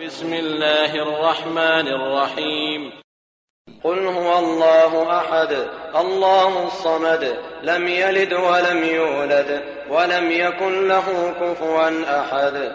بسم الله الرحمن الرحيم قل هو الله احد الله الصمد لم يلد ولم يولد ولم يكن له كفوا احد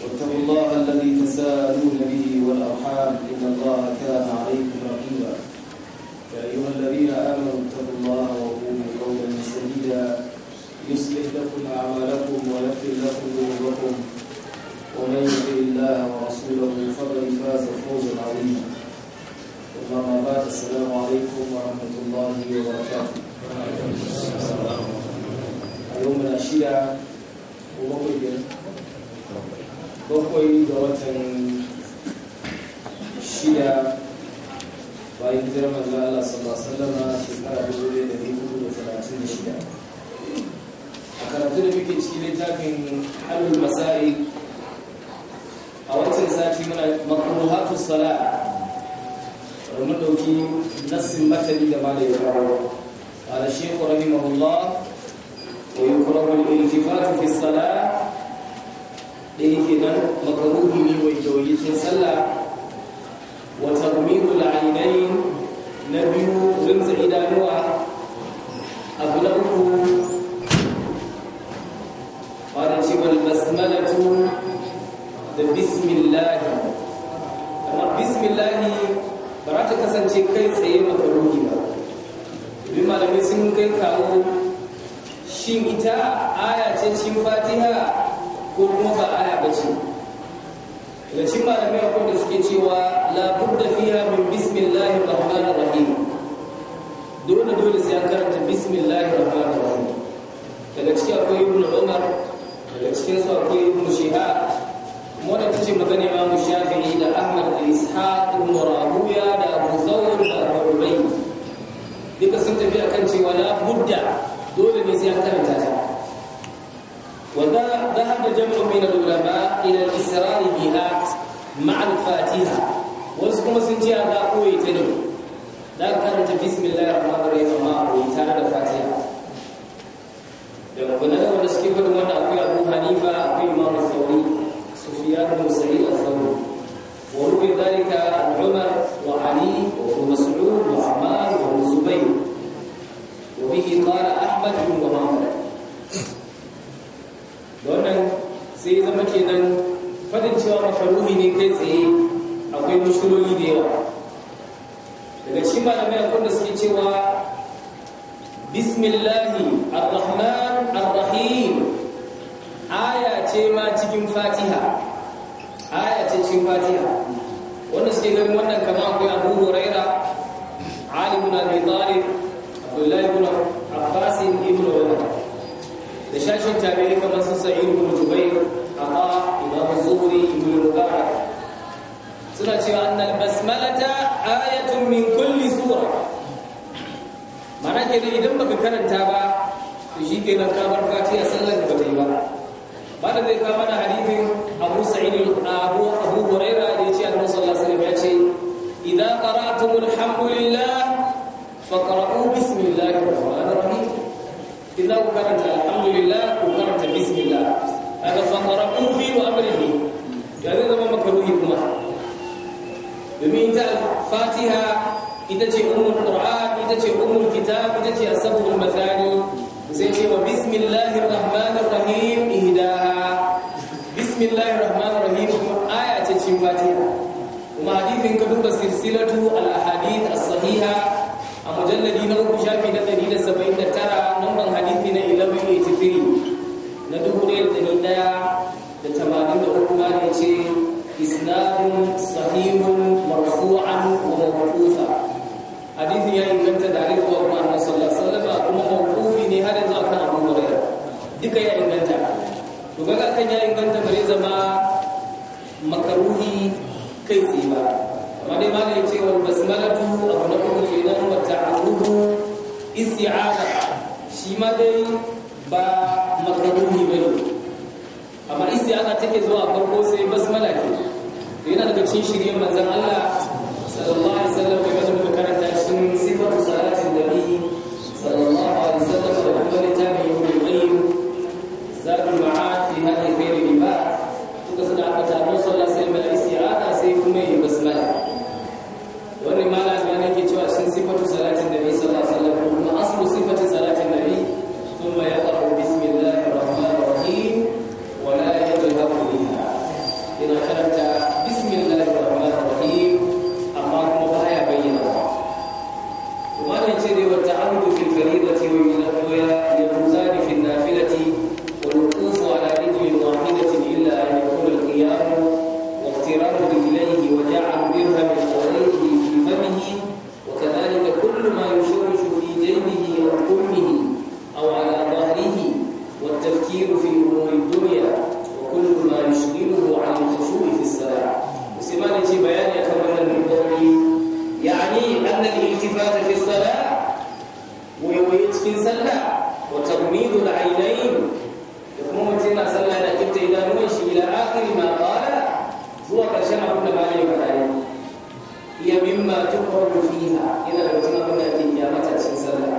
واتقوا الله الذي تساءلون به والأرحام إن الله كان عليكم رقيبا يا أيها الذين آمنوا اتقوا الله وقولوا قولا سديدا يصلح لكم أعمالكم ويغفر لكم ذنوبكم ومن يطع الله ورسوله فقد فاز فوزا عظيما ثم ما بعد السلام عليكم ورحمة الله وبركاته. السلام اليوم الأشياء bakwai ga watan shida bayan hijirar manzo Allah sallallahu alaihi wasallam shekara dubu ɗaya da dubu da talatin da shida a karatu da muke cikin littafin halul masari a wancan sati muna makruhatu sala'a domin dauki nassin matani da malai rawa قال الشيخ رحمه الله ويكره الالتفات في الصلاه da yake nan makaruhi ne mai tauyikin sallah wa tarmihul ainain na biyu rinsa idanuwa abu na uku wani ce wal basmalatu da bismillahi amma bismillahi ba za ta kasance kai tsaye makaruhi ba bi malamai sun kai kawo shin ita aya ce shin fatiha ko kuma ba aya ba ce daga cikin malamai akwai da suke cewa labudda fiha min bismillahir rahmanir rahim dole dole sai an karanta bismillahir rahmanir rahim daga ciki akwai ibn umar daga cikin su akwai ibn shihab kuma da cikin magana mu shafi'i da ahmad da ishaq ibn rahuya da abu zawr da abu rubai duka sun tafi akan cewa la budda dole ne sai an karanta ta wanda الجمع من العلماء إلى الإسرار بها مع الفاتحة وسكما سنتي هذا قوي تنو لا كانت بسم الله الرحمن الرحيم ما قوي تنو الفاتحة لما قلنا لو نسكيف المنا أقوي أبو حنيفة أقوي إمام الثوري سفيان بن سعيد malamai akwai da suke cewa bismillahi ar-rahman ar-rahim aya ce ma cikin fatiha aya ce cikin fatiha wanda suke ganin wannan kama akwai abu huraira ali ibn abi talib abdullahi ibn abbas ibn umar da shashin tabi'i Lady. makaruhi kai tsaye ba amma dai ma ne ce wani basmalatu abu na uku kenan wa ta'arruhu isti'aza shi ma dai ba makaruhi bane amma isti'aza take zuwa farko sai basmala ke yana daga cikin shirye manzan Allah sallallahu alaihi wasallam cikin sallah wa da ainain da kuma mutum yana sallah yana kinta idanuwan shi ila akhiri ma qala zuwa karshen abin da malai ba dai iya mimma tuqru fiha yana da mutum abin da ake kiyamata cikin sallah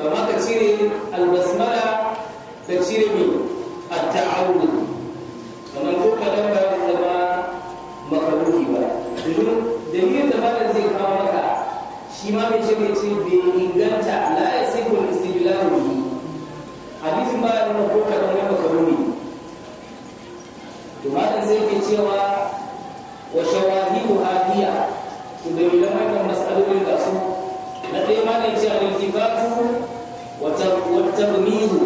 to amma ka cire albasmala ka cire mi a taawud kamar ko kadan ba zama makaruhi ba dalilin da ba zai kawo maka shi ma bai ce bai ce bai inganta cewa wa shawahidu hadiya to da yi lamar kan matsalolin da su na ɗaya ma ne cewa iltifatu wa tarmizu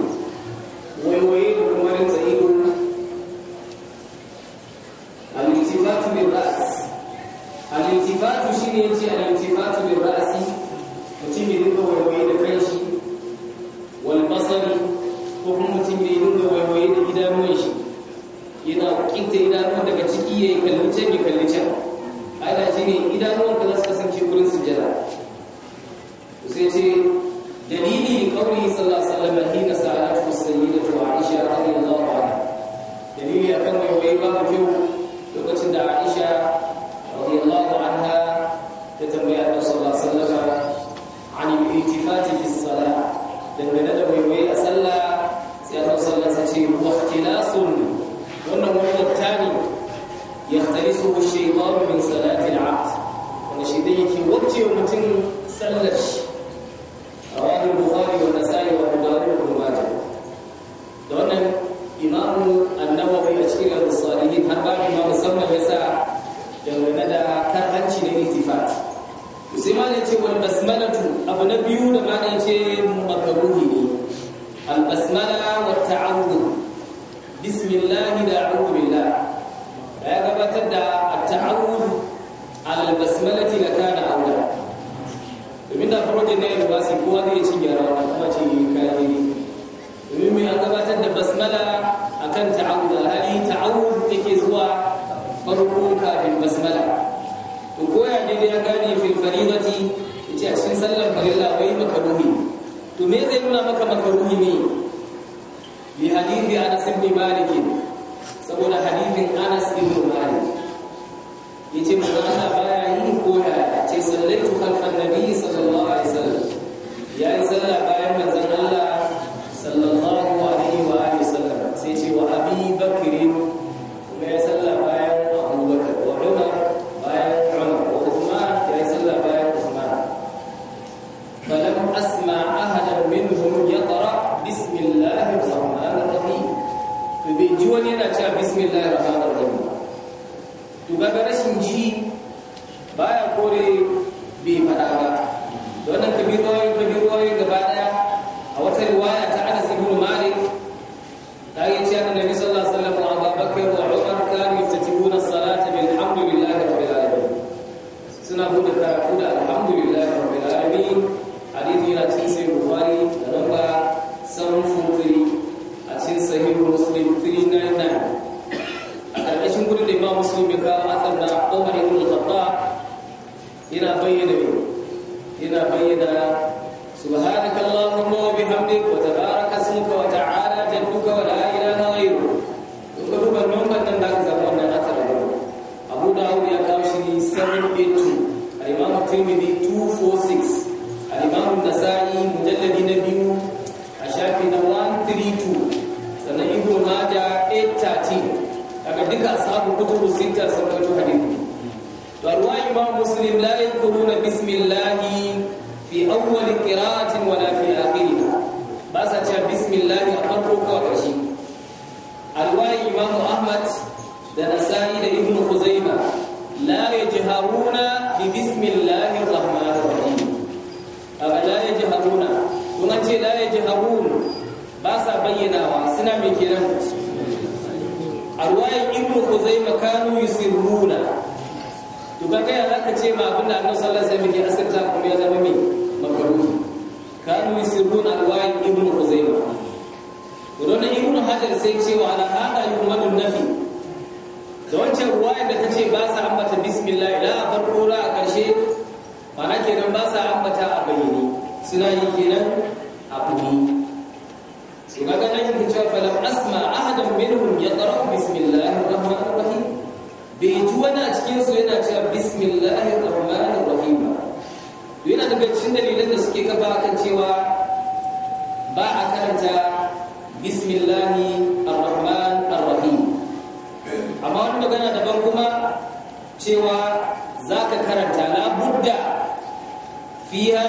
yace manzo Allah baya yi ko ya ce sallaitu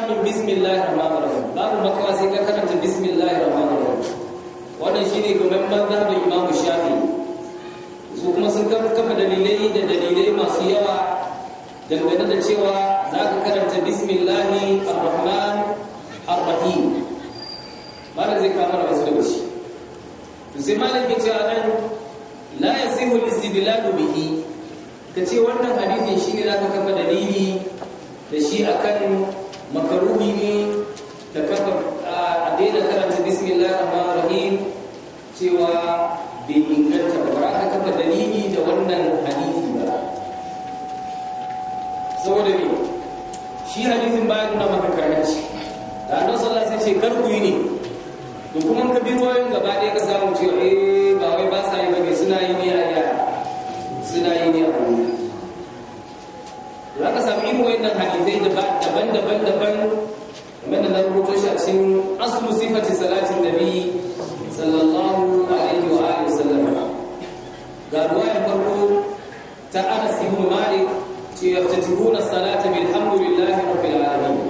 karatun bismillahir rahmanir rahim babu makawa sai ka karanta bismillahir rahmanir rahim wannan shine kamar mazhabin imamu shafi su kuma sun kafa dalilai da dalilai masu yawa dangane da cewa za ka karanta bismillahi ar-rahman ar-rahim malam zai kama da wasu da shi to sai malam ke cewa nan la yasihu al-istidlalu bihi kace wannan hadisin shine za ka kafa dalili da shi akan makaruhi ne da kafa a daina karanta bismillah rahman rahim cewa bai inganta ba ba ka kafa dalili da wannan hadisi ba saboda ne shi hadisin bayan nuna maka karanci da annabi sallallahu alaihi ce kar ku yi ne to kuma ka bi ruwayoyin gaba ɗaya ka samu cewa eh ba wai ba sa yi ba ne suna yi ne a yara suna yi ne a wani za ka samu irin wayannan hadisai da ba daban daban daban kamar da na rubuto shi a cikin aslu sifati salatin nabi sallallahu alaihi wa alihi wasallam ga ruwayar farko ta Anas ibn Malik ce yaftatihuna salata bilhamdulillahi rabbil alamin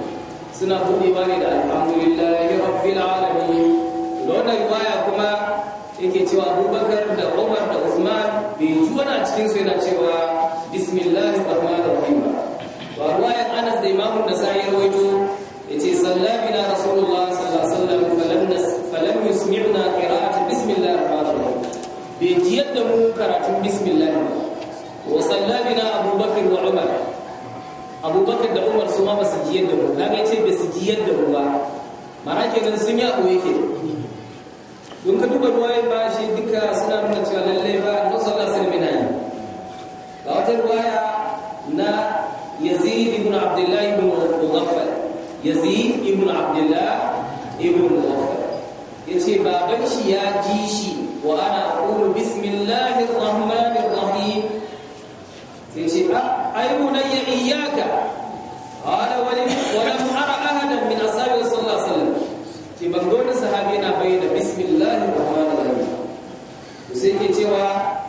suna buɗe ba ne da alhamdulillahi rabbil alamin da wannan riwaya kuma yake cewa Abubakar da Umar da Usman bai ji wani a cikin su yana cewa bismillahir rahmanir rahim ba ruwaya الإمام النسائي رويته يتي صلى بنا رسول الله صلى الله عليه وسلم فلم, نس فلم يسمعنا قراءة بسم الله الرحمن الرحيم بيجيت قراءة بسم الله وصلى بنا أبو بكر وعمر أبو بكر وعمر سما بس جيت دمو لا يتي بس جيت دمو ma'ana kenan sun ya ɓoye ke don ka duba ruwayen ba shi duka suna nuna cewa lallai ba a nusar da sirmina yi ba wata ruwaya na يزيد بن عبد الله بن مغفل يزيد بن عبد الله بن مغفل يتي بابن شي يا جيشي وانا اقول بسم الله الرحمن الرحيم يتي اي بني اياك قال ولم ارى احدا من اصحابه صلى الله عليه وسلم تي بنقول صحابينا بين بسم الله الرحمن الرحيم sai ke cewa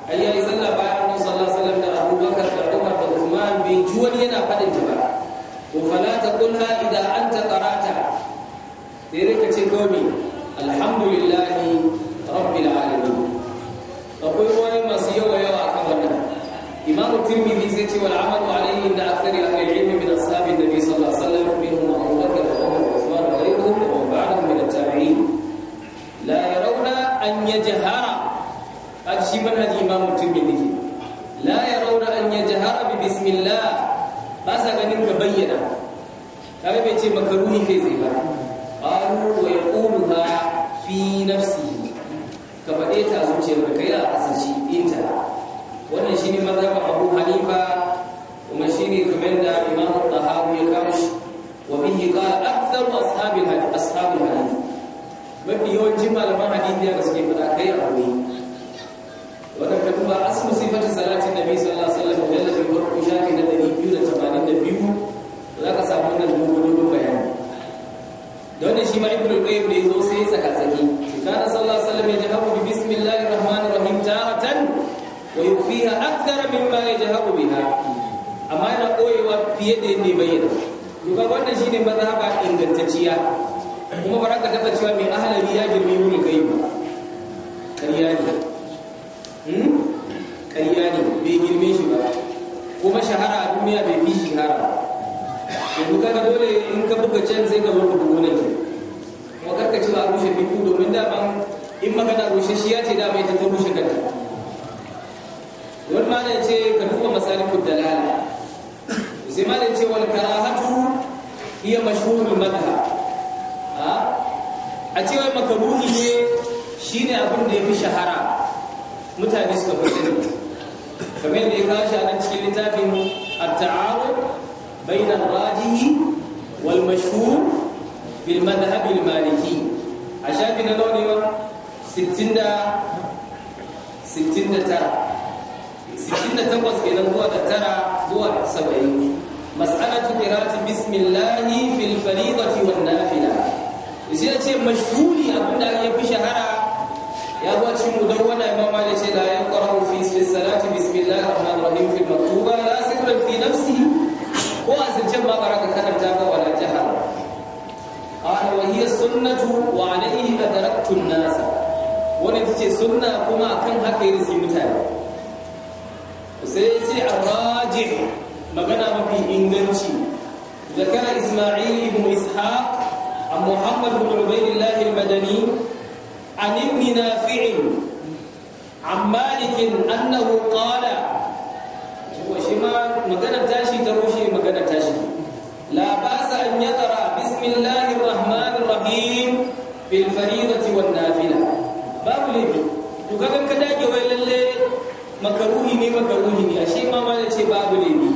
ayyayi sallah bayan annabi sallallahu alaihi wasallam da Abu Bakar da bai ji wani yana faɗin ta ba to fala ta kulha idan an ta karata sai dai ka ƙarya ne bai girme shi ba kuma shahara a duniya bai fi shahara ba yanzu kaga dole in ka buga can sai ka buga gonan ki kuma karka ci ba rushe biku domin da daman in magana rushe shi ya ce da ita ta rushe kanta wani malam ce ka duba masalikul dalala sai malam ce wal karahatu hiya mashhurul madhhab a cewa makaruhi ne shine abin da ya fi shahara mutane suka fi sani فمن الإخراج أن تكلتا في التعارض بين الراجي والمشهور في المذهب المالكي عشان في نلوني ستين دا ستين دا ترى ستين دا تقص إلى هو دا ترى هو سبعين مسألة قراءة بسم الله في الفريضة والنافلة إذا أتي مشهولي أبنى أن يبشى هرى يا هو أتي مدونة إمام علي لا يقرأ في الصلاة بسم الرحمن الرحيم في المكتوبة لا سكرا في نفسه هو أسلتم ما قرأت كلام جاك ولا جهل قال وهي السنة وعليه أدركت الناس ونتيجة سنة كما كان هكي رسي متالي سيسي الراجح مغنى مبي إنجنشي ذكر إسماعيل بن إسحاق عن محمد بن عبيد الله المدني عن ابن نافع عن مالك أنه قال وشما مغنى تاشي تروشي مغنى تاشي لا بأس أن يقرأ بسم الله الرحمن الرحيم في الفريضة والنافلة باب ليبي يقول كذا جوال اللي makaruhi ne makaruhi ne ashe ma yace babu laifi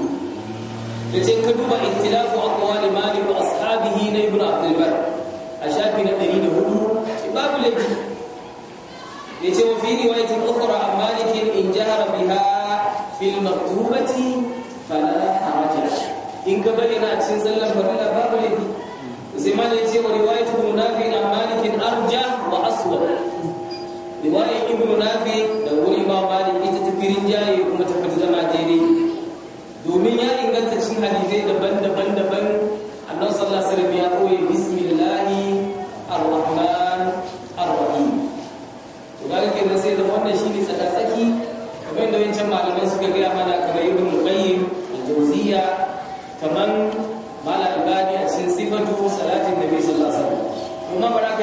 yace ka duba ikhtilafu aqwali malik wa ashabihi na ibnu abdul bar a na babu laifi yace wa fi riwayatin ukhra an malik in jahara biha fil maktubati fala haraja in ka bari na cin sallar farilla babu laifi sai ma yace wa riwayatu ibn nafi an malik arja wa aswa riwayat ibn nafi da wuri ba malik ita ta firin jaye kuma ta fadi zama daidai domin ya inganta cin hadisai daban-daban daban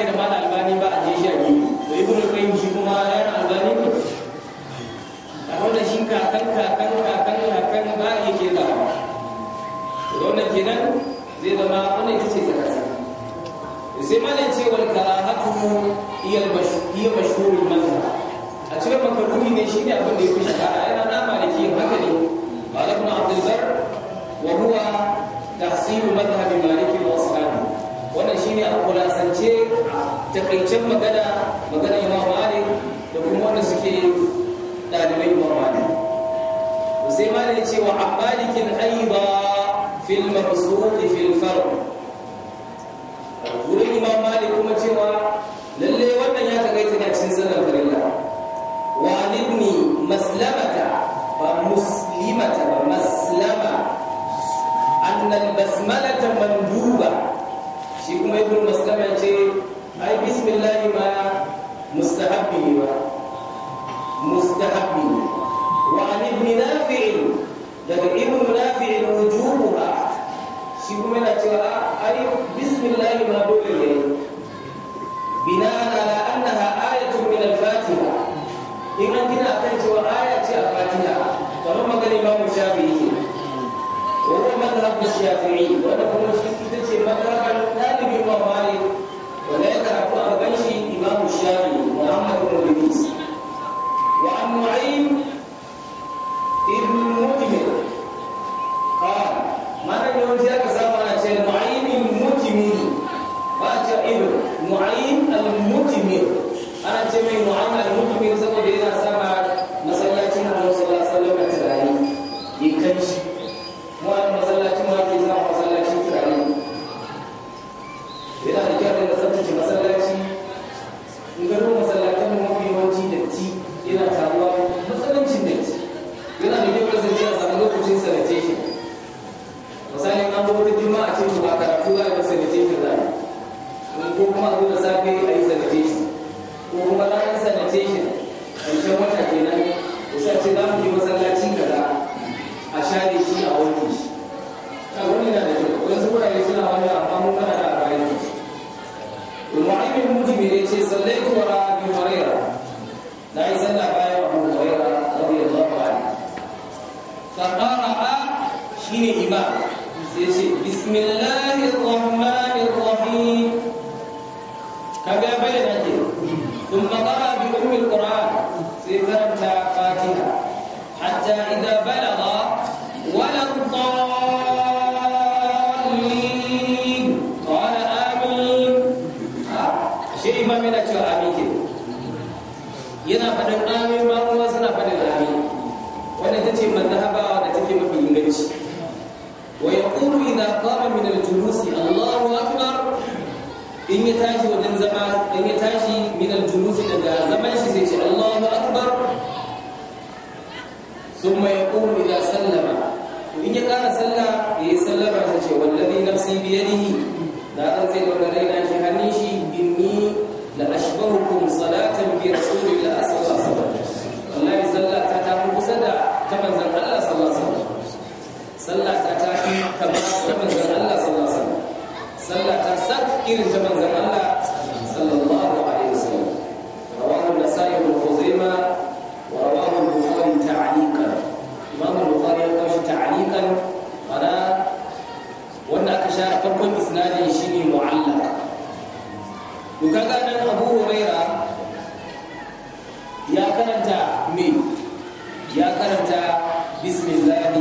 hermana الشافعي وله مسلم ya karanta me ya karanta bismillahi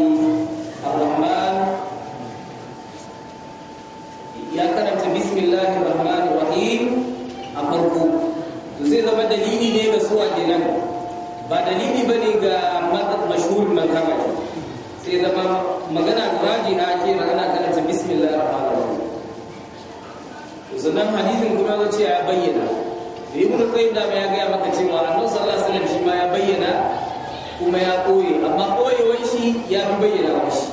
ar-rahman ya karanta bismillahi ar-rahman rahim a farko to sai zama dalili ne ga suwa kenan ba dalili ba ne ga mashhur makamati sai zama magana na ce magana karanta bismillahi ar-rahman rahim sannan hadisin kuma ya bayyana ibnu qayyim da ya ga maka cewa annabi sallallahu alaihi wasallam shi ma ya bayyana kuma ya koye amma wai shi ya fi bayyana shi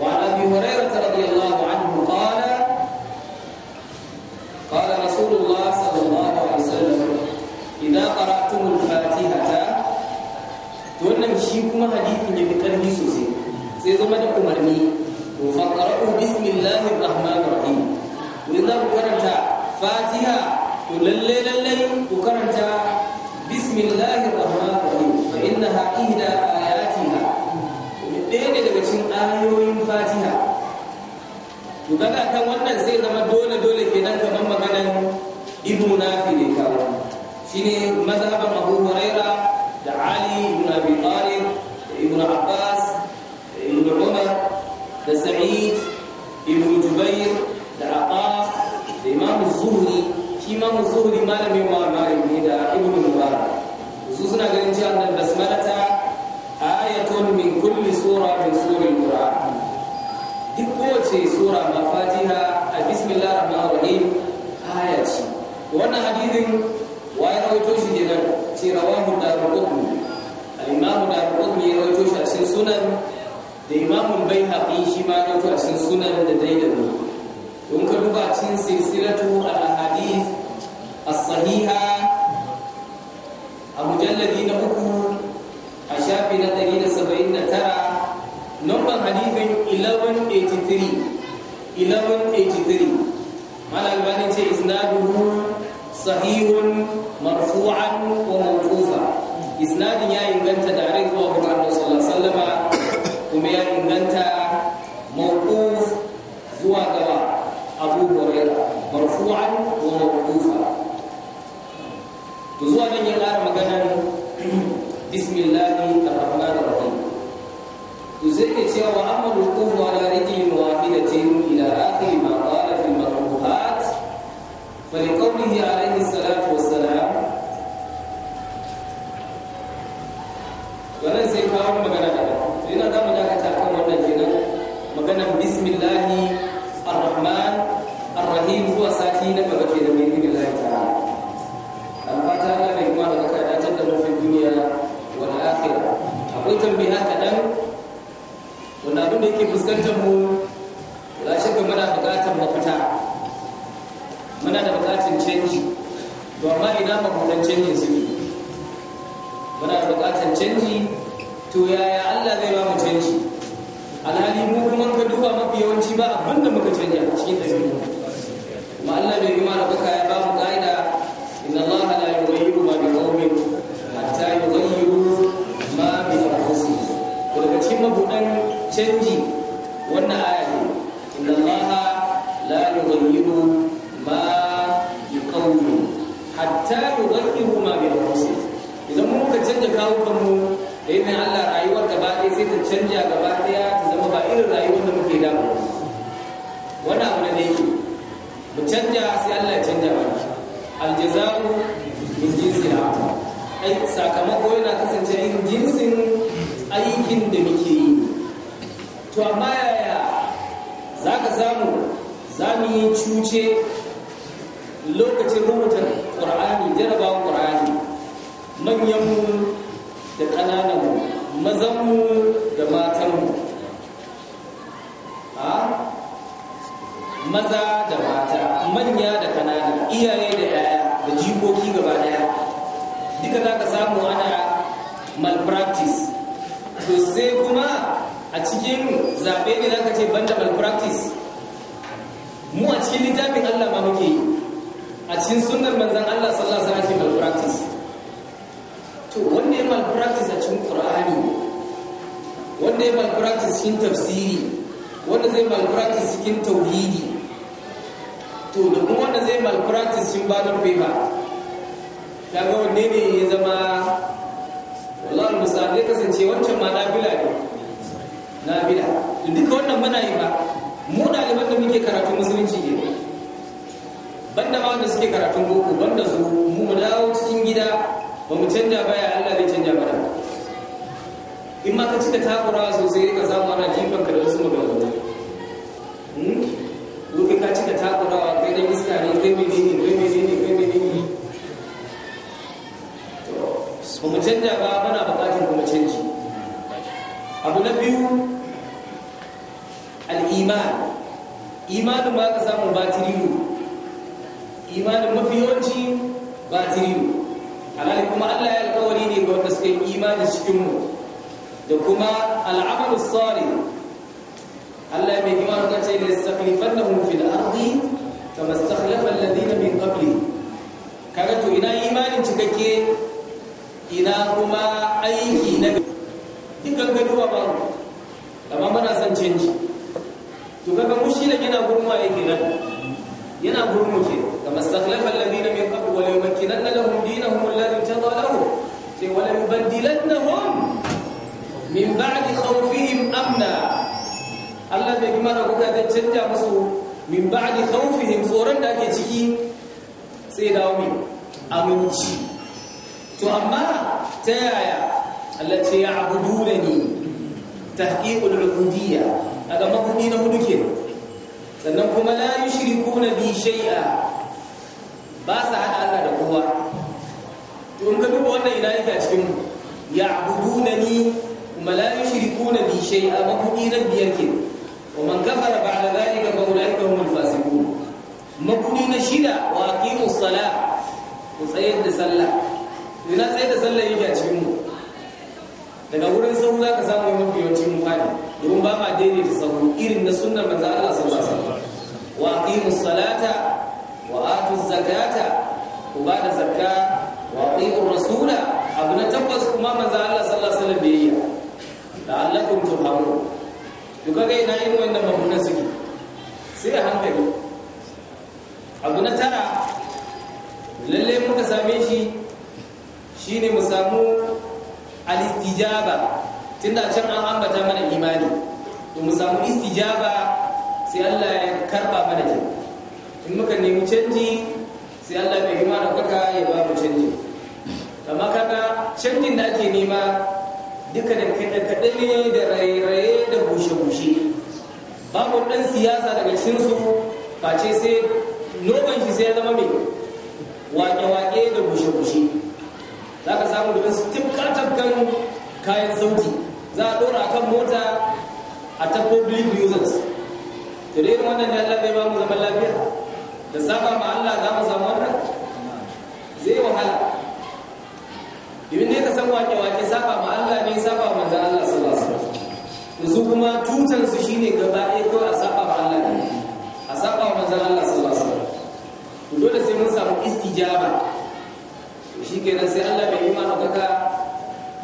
wa abi hurairah radiyallahu anhu qala qala rasulullah sallallahu alaihi wasallam idza qara'tum al-fatihata to wannan shi kuma hadisin ya fi karfi sosai sai zama da umarni to faqra'u bismillahir rahmanir rahim to idan ku karanta fatiha to lalle lalle ku karanta bismillahir rahmanir rahim fa innaha ihda ayatiha ne daga cikin ayoyin fatiha to kaga kan wannan sai zama dole dole kenan kamar maganan ibnu nafi ne kawo shine mazhaban abu huraira da ali ibn abi talib da ibn abbas da ibn umar da sa'id imam zuhri malamin wa malami da ibn mubarak su suna ganin cewa nan basmalata ayatun min kulli sura min suril qur'an duk kowace sura ma fatiha a bismillahir rahmanir rahim aya ce wannan hadisin wa ya rawaito shi kenan ce rawahu darqutni al-imam darqutni ya rawaito shi a cikin sunan da imamul baihaqi shi ma ya rawaito a cikin sunan da daidabi don ka duba cikin silsilatu al hija ولقوله عليه الصلاة والسلام wannan sai kawo magana da yana za dakata kan wannan kenan maganan bismillahi ar-rahman ar-rahim zuwa sati na gaba kenan yana kasance yin jinsin aikin da muke yi to amma yaya za ka samu za mu yi cuce lokacin rubuta ƙur'ani jarabawan ƙur'ani manyanmu da ƙananan mazanmu ce banda malpractice mu a cikin littafin Allah ma muke yi a cikin sunnar manzan Allah sallallahu alaihi wasallam ce malpractice to wanda ya malpractice a cikin Qur'ani wanda ya malpractice cikin tafsiri wanda zai malpractice cikin tauhidi to da kuma wanda zai malpractice cikin ballot paper kaga wanne ne ya zama wallahi misali kasance wancan ma nafila ne nafila to duka wannan muna yi ba mu ɗaliban da muke karatun musulunci ne banda ma wanda suke karatun boko banda su mu mu dawo cikin gida ba mu canja baya Allah bai canja mana in ma ka cika takurawa sosai ka samu ana jifanka da wasu maganganu ba sa hada Allah da kowa to in ka duba wannan ina yake cikin mu Ya ya'budunani kuma la yushrikuna bi a makudi na biyar ke wa man kafara ba'da dhalika fa ulaika humul fasiqun makudi na shida wa aqimus salah ku tsayar da sallah ina tsayar da sallah yake a cikin mu daga wurin sahu za ka samu mafi yawancin mu fadi, domin ba ma da sahu irin na sunnar manzo Allah sallallahu alaihi wasallam wa aqimus salata zakata ku ba da zakka wa ati'ur rasula abu na tabbas kuma manzo Allah sallallahu alaihi wasallam da la'allakum turhamun to kaga ina irin wannan mabuna suke sai a hankali abu na tara lalle muka same shi shine mu samu al-istijaba tunda can an ambata mana imani to mu samu istijaba sai Allah ya karba mana jini, in muka nemi canji sai Allah mai da ɗaukaka ya ba mu canji amma kaga canjin da ake nema duka da kaɗe ne da raye da bushe-bushe babu ɗan siyasa daga su face sai noman shi sai ya zama mai wake-wake da bushe-bushe za ka samu da wasu tifka tafkan kayan sauti za a ɗora kan mota a ta public users to dai wannan da Allah bai ba mu zaman lafiya da safa ma Allah za mu samu wannan zai wahala domin ne ka san wake wake safa ma Allah ne safa ma manzo Allah sallallahu alaihi wasallam yanzu kuma tutan su shine gaba ɗaya kawai a safa ma Allah ne a safa ma manzo Allah sallallahu alaihi wasallam dole sai mun samu istijaba shi kenan sai Allah bai yi mana kaka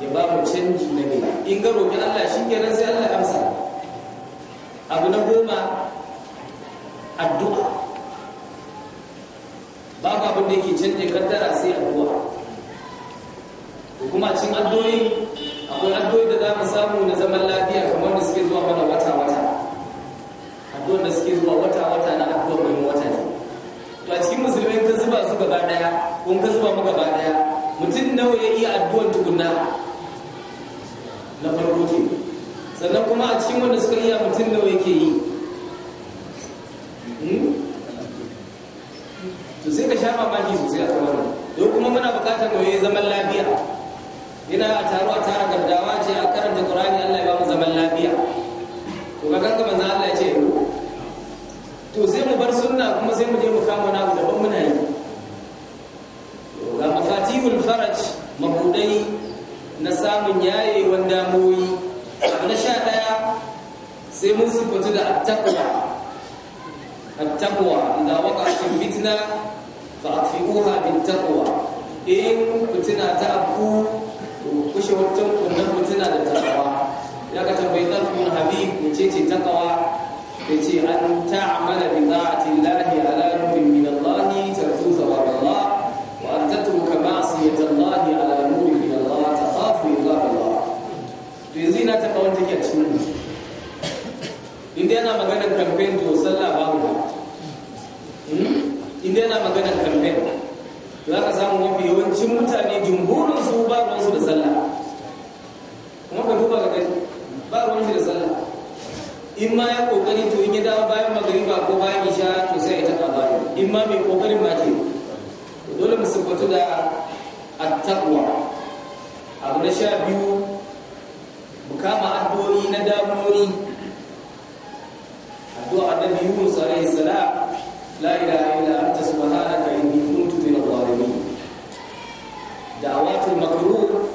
ya ba mu canji na ne. in ga roƙi Allah shi kenan sai Allah amsa abu na goma addu'a babu abin da yake canje kaddara sai addu'a to kuma cin addoyi akwai addoyi da za mu samu na zaman lafiya kamar da suke zuwa mana wata wata addu'ar da suke zuwa wata wata na addu'ar mai wata ne to a cikin musulmai ka zuba su gaba daya kun ka zuba mu gaba daya mutum nawa ya iya addu'ar tukunna na farko ke sannan kuma a cikin wanda suka iya mutum nawa yake yi sha sosai a kuma muna bukatar mu yi zaman lafiya yana a taro a tara gaddawa ce a karanta qur'ani Allah ya ba mu zaman lafiya to ga kanka manzo Allah ya ce to sai mu bar sunna kuma sai mu je mu kama wani abu daban muna yi ga mafatihul faraj mabudai na samun yayewan damoyi abu na sha daya sai mun sifatu da attaqwa attaqwa idza waqa'atil fitna fa'afi'uha bittaqwa in fitina ta abu kushe wancan kunnan fitina da takawa ya ka tambayi tarkun habib mece ce takawa ya ce an ta'amala bi ta'ati llahi ala nurin min allah tarju thawab allah wa an tatruka ma'siyat allah ala nurin min allah takhafu illa allah to yanzu ina takawan take a cikin inda yana maganar campaign to sallah babu yana magana kamfen za ka samu mafi yawancin mutane jimhurin su ba ruwansu da sallah kuma ka duba ga gani ba ruwansu da sallah in ma ya kokari to in ya dawo bayan magariba ko bayan isha to sai ya taɓa bayan in ma mai kokarin ba ke dole mu sabbatu da attaqwa abu na sha biyu mu kama addu'o'i na damuwoyi addu'a annabi Yunus alaihi salam la ilaha دعوات المكروه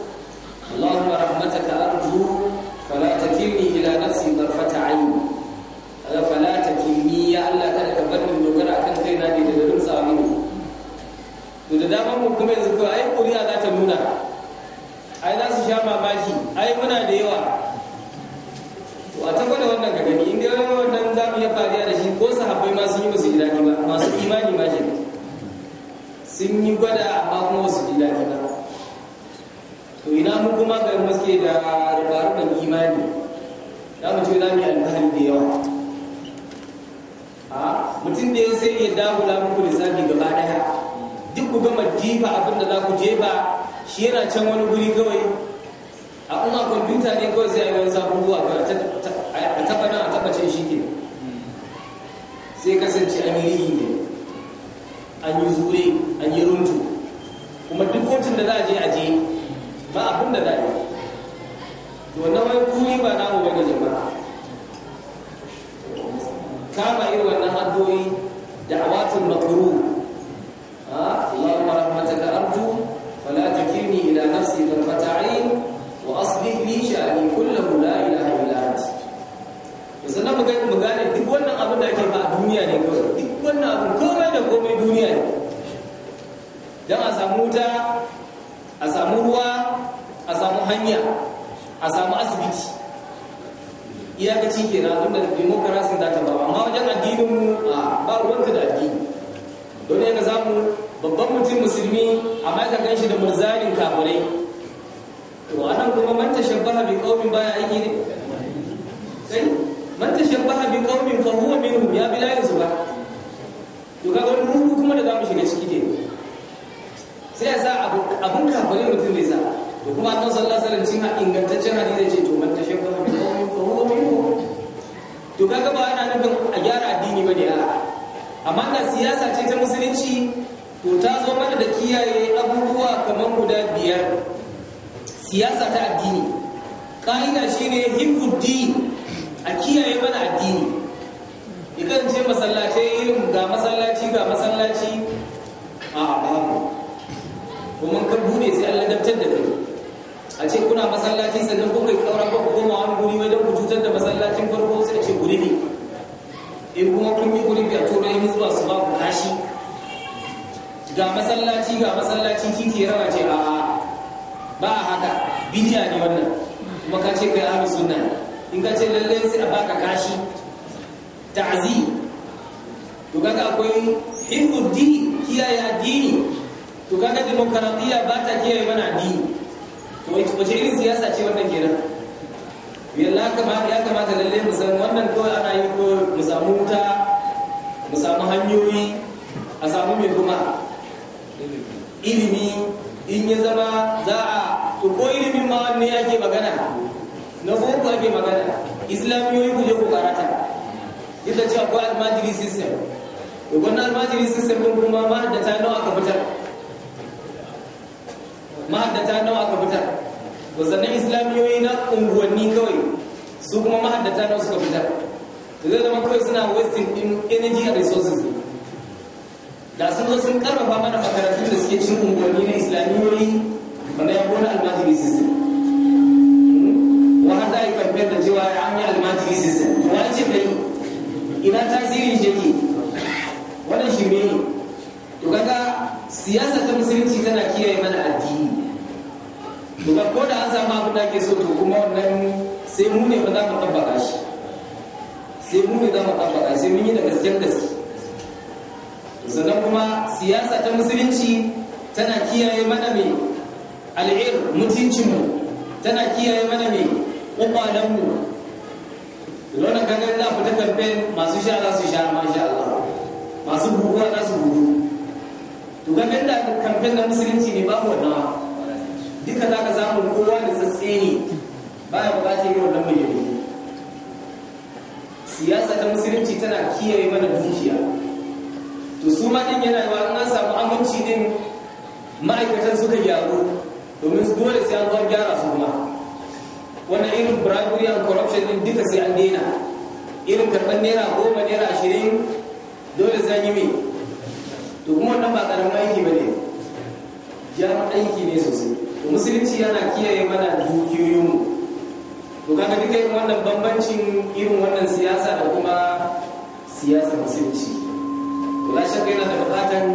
samu wuta a samu ruwa a samu hanya a samu asibiti iyakaci ke na da demokarasin za ta ba amma wajen addininmu a ba ruwanta da addini don yaka zamu babban mutum musulmi amma ka gan shi da murzanin kafirai to anan kuma manta tashabbaha bi kaumin baya aiki ne sai manta tashabbaha bi kaumin fa huwa minhum ya bilayin su to kaga wani ruhu kuma da zamu shiga ciki ne sai ya sa abin kafin kafare mutum mai sa to kuma annabi wasan lasarancin wasallam cin ingantaccen hadisi ce to man tashabbaha bi wani. fa huwa minhum to kaga ba ana nufin a gyara addini ba ne a'a amma da siyasa ce ta musulunci to ta zo mana da kiyaye abubuwa kamar guda biyar siyasa ta addini ƙa'ida ne hifuddi a kiyaye mana addini ikan ce masallatai irin ga masallaci ga masallaci a babu domin ka ne sai Allah dabtar da kai a ce kuna masallaci sannan kai kaura ba ku koma wani guri wai don ku cutar da masallacin farko sai ce guri ne in kuma kun yi guri a turai ni zuwa su ba ku kashi ga masallaci ga masallaci titi ya rawa ce a ba haka bidiya ne wannan kuma ka ce kai ahlus sunna in ka ce lallai sai a baka kashi ta'zi to kaga akwai hifdud din kiyaye addini to kaga demokaradiyya ba ta kiyaye mana ni to wace irin siyasa ce wannan kenan yalla kamata ya kamata lalle mu san wannan ko ana yi ko mu samu wuta mu samu hanyoyi a samu mai kuma ilimi in ya zama za a to ko ilimin ma wanne yake magana na boko ake magana islamiyoyi ku je ku karata ita ce akwai almajiri system to wannan almajiri system din kuma ma da ta nawa ka fitar mahaddata nawa aka fitar wasannin islamiyoyi na unguwanni kawai su kuma mahaddata nawa suka fitar da zai zama kawai suna wasting energy and resources da sun zo sun karfafa mana makarantun da suke cin unguwanni na islamiyoyi wanda ya gona almajiri system wa hada za kamfen da cewa ya an yi almajiri system wani ce kai ina tasirin shi yake wannan shi ne to kaga siyasa ta musulunci tana kiyaye mana addini to ba ko da an samu abin da ake so to kuma wannan sai mu ne ba za mu tabbata shi sai mu ne za mu tabbata sai mun yi da gaskiyar gaske sannan kuma siyasa ta musulunci tana kiyaye mana mai al'ir mutuncinmu tana kiyaye mana mai ƙwaƙwalenmu lona kaga za a fita kamfen masu sha za su sha masu buguwa za su bugu to ga da kamfen na musulunci ne babu wannan duka za ka samu kowa da tsatse ne ba ya bukatar yi wannan bayyane siyasa ta musulunci tana kiyaye mana dukiya to su ma din yana yawa an samu aminci din ma'aikatan suka gyaru domin su dole sai an zo gyara su kuma wannan irin bribery and corruption din duka sai an daina irin karɓar naira goma naira ashirin dole sai yi mai to kuma wannan ba karamin aiki ba ne ya aiki ne sosai to musulunci yana kiyaye mana dukiyoyinmu to kaga duka irin wannan bambancin irin wannan siyasa da kuma siyasa musulunci to na shakka yana da bukatan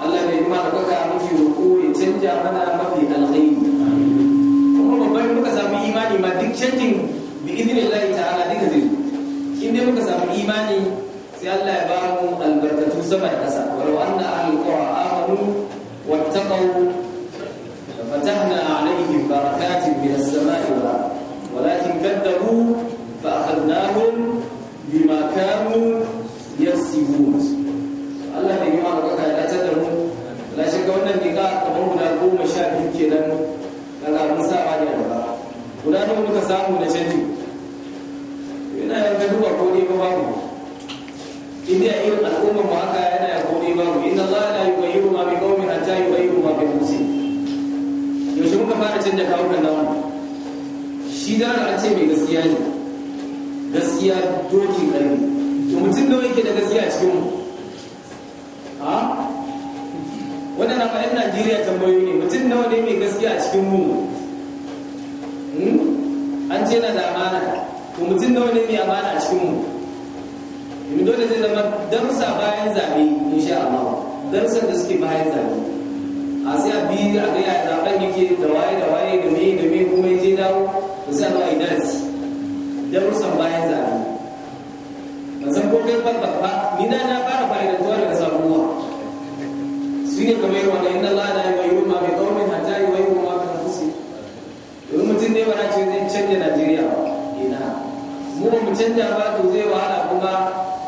Allah ne hikima da kuka mafi roƙo ya canja mana mafi alkhairi kuma babban muka samu imani ma duk canjin bi idinillahi ta'ala duka zai in dai muka samu imani sai Allah ya ba mu sama da ƙasa walau anna ahlul qura amanu wattaqu lafatahna alaihim barakatin min samai wal ard walakin kadzabu fa akhadnahum bima kanu yaksibun Allah ne ya maka ka da mu la shakka wannan nika kamar guda goma sha biyu kenan kaga mun sa ba ne ba guda ne muka samu da canji ina yanka duba ko ne ba babu inda irin al'ummar mu haka yana ya gode ba mu inna Allah la yughayyiru ma bi qaumin hatta yughayyiru ma bi anfusihim yaushe muka fara canza kawukan namu shi da an ce mai gaskiya ne gaskiya doki karbi to mutum da yake da gaskiya a cikin mu ha waɗannan ɓarin najeriya tambayoyi ne mutum nawa ne mai gaskiya a cikin mu hmm? an ce na da amana to mutum nawa ne mai amana a cikin mu domin dole zai zama damsa bayan zaɓe sha Allah damsar da suke bayan zaɓe a sai a bi a ga yaya zaɓen yake da waye da waye da me da me kuma yake dawo da sai ba zo a yi darasi bayan zaɓe A san ko kai ban ba ni da na fara fa'idantuwa daga sabuwa su ne kamar yawan da inda Allah na yi mai yuma mai kaumin hatta yi wa ma maka kusi domin mutum ne ba na ce zai canja Najeriya ina mu mu canja ba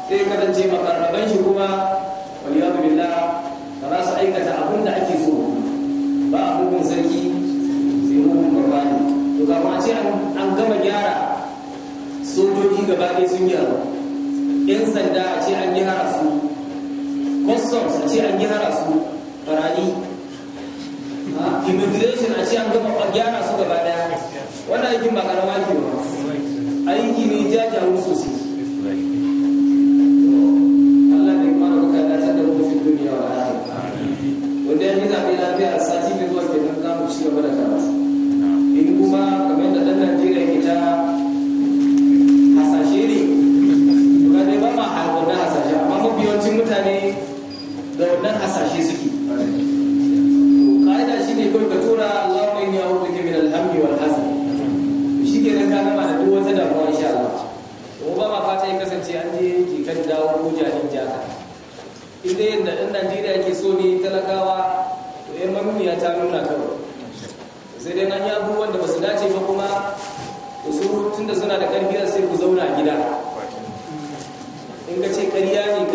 zai kasance makarraban shi kuma waliyadu billah ba za su aikata abin da ake so ba a hukun sarki sai hukun gurbani to kama ce an gama gyara sojoji gaba ɗaya sun gyaru yan sanda a ce an gyara su customs a ce an gyara su barani immigration a ce an gama gyara su gaba ɗaya wannan aikin ba karama ke ba aiki ne jajaru sosai ba kuma da tunda suna da karfiya sai ku zauna gida in ka ce ƙarya ne